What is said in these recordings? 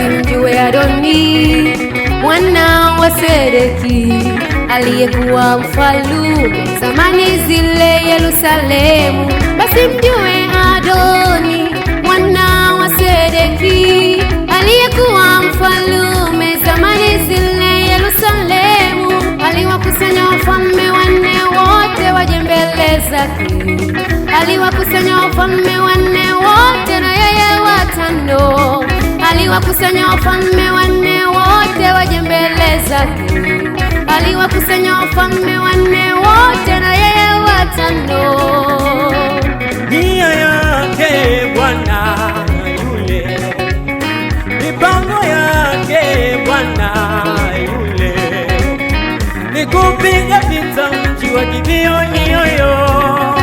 simjue Adoni mwana wa Sedeki aliyekuwa mfalume zamani zile Yerusalemu. Basi mjue Adoni mwana wa Sedeki aliyekuwa mfalume zamani zile Yerusalemu. Aliwakusanya wafalme wanne wote waje mbele zake, aliwakusanya wafalme wanne wote aliwakusanya wafalme wanne wote waje mbele zake, aliwakusanya wafalme wanne wote na yeye watano. Nia yake Bwana yule, mipango yake Bwana yule ni kupiga vita mji wa Gibeoni yoyo,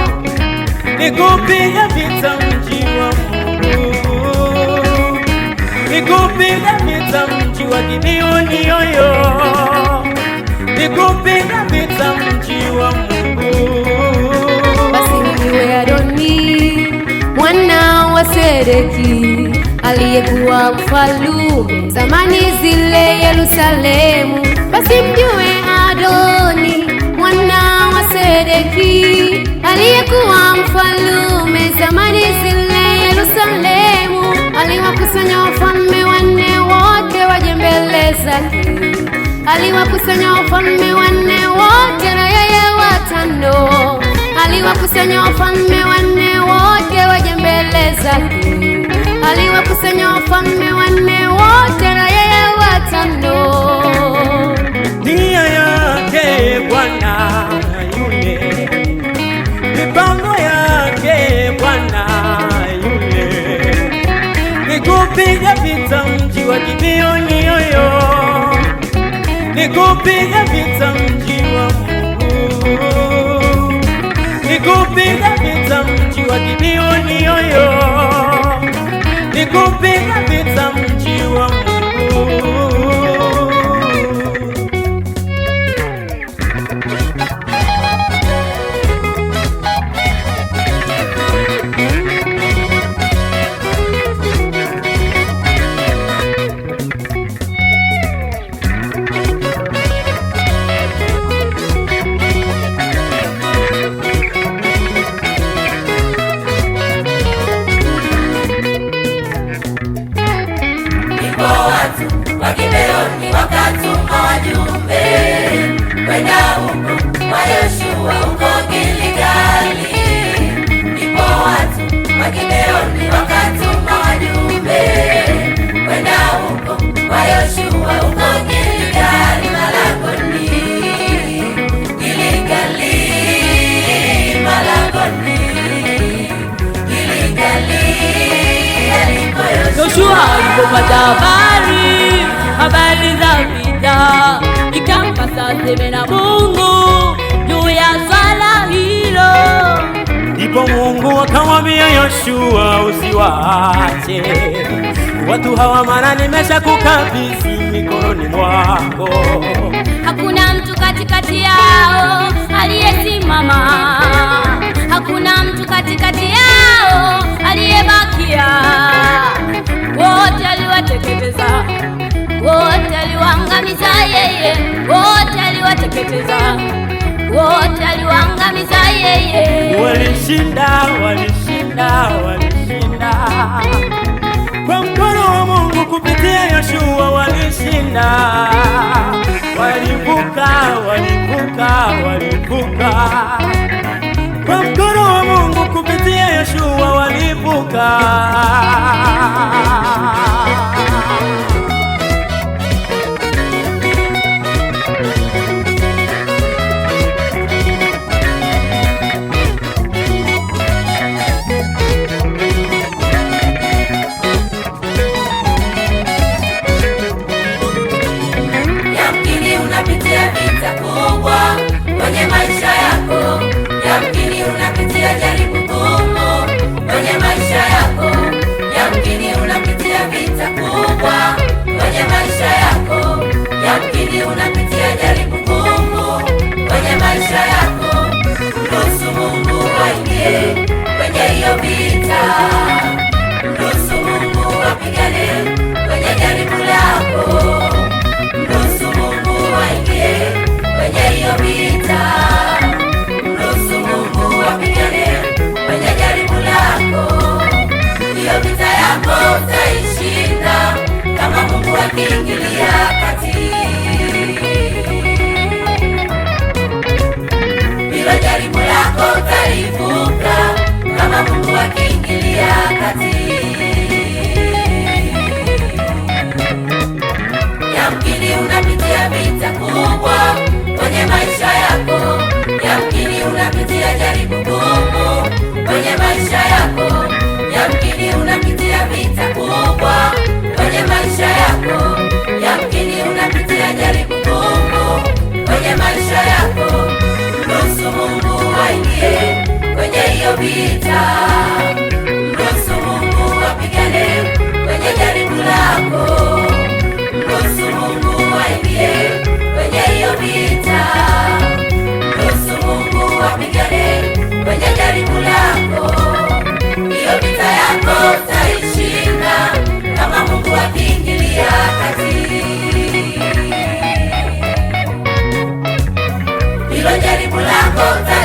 ni vita Nikupigapita mji wa Gideoni yoyo, nikupigapita mji wa Mungu. Basi niwe Adoni mwana wa Sedeki aliyekuwa mfalume zamani zile Yerusalemu. Basi mjue Adoni mwana wa Sedeki aliyekuwa mfalume zamani zile Yerusalemu aliwakusanya zake, aliwakusanya wafalme wanne wote na yeye watano, aliwakusanya wafalme wanne wote waje mbele zake, aliwakusanya wafalme wanne wote na yeye watano. Nia yake Bwana yule, mipango yake Bwana yule, nikupiga vita mji wa Gibeoni Nikupiga vita mji wa Mungu, nikupiga vita mji wa Gibeoni yoyo, nikupiga vita mji wa Wakimbilio ni wakatuma wajumbe kwenda huko kwa Yoshua huko Giligali, watu wakatuma wajumbe kwenda huko kwa Yoshua huko Giligali, malangoni Giligali, malangoni Giligali, aliko Yoshua alipopata habari aseme na Mungu juu ya swala hilo. Ndipo Mungu akamwambia Yoshua, usiwaache watu hawa, maana nimeshakukabidhi mikononi mwako. Hakuna mtu katikati yao aliyesimama, hakuna mtu katikati yao aliyebakia, wote aliwateketeza wote aliwaangamiza yeye, wote aliwateketeza, wote aliwaangamiza yeye. Walishinda, walishinda, walishinda kwa mkono wa Mungu kupitia Yoshua, walishinda, walivuka, walivuka, walivuka kwa mkono wa Mungu kupitia Yoshua, walivuka vita mruhusu Mungu apigane kwenye jaribu lako, mruhusu Mungu aingie kwenye hiyo vita, mruhusu Mungu apigane kwenye jaribu lako. Hiyo vita yako utaishinda kama Mungu akiingilia kati. Hilo jaribu lako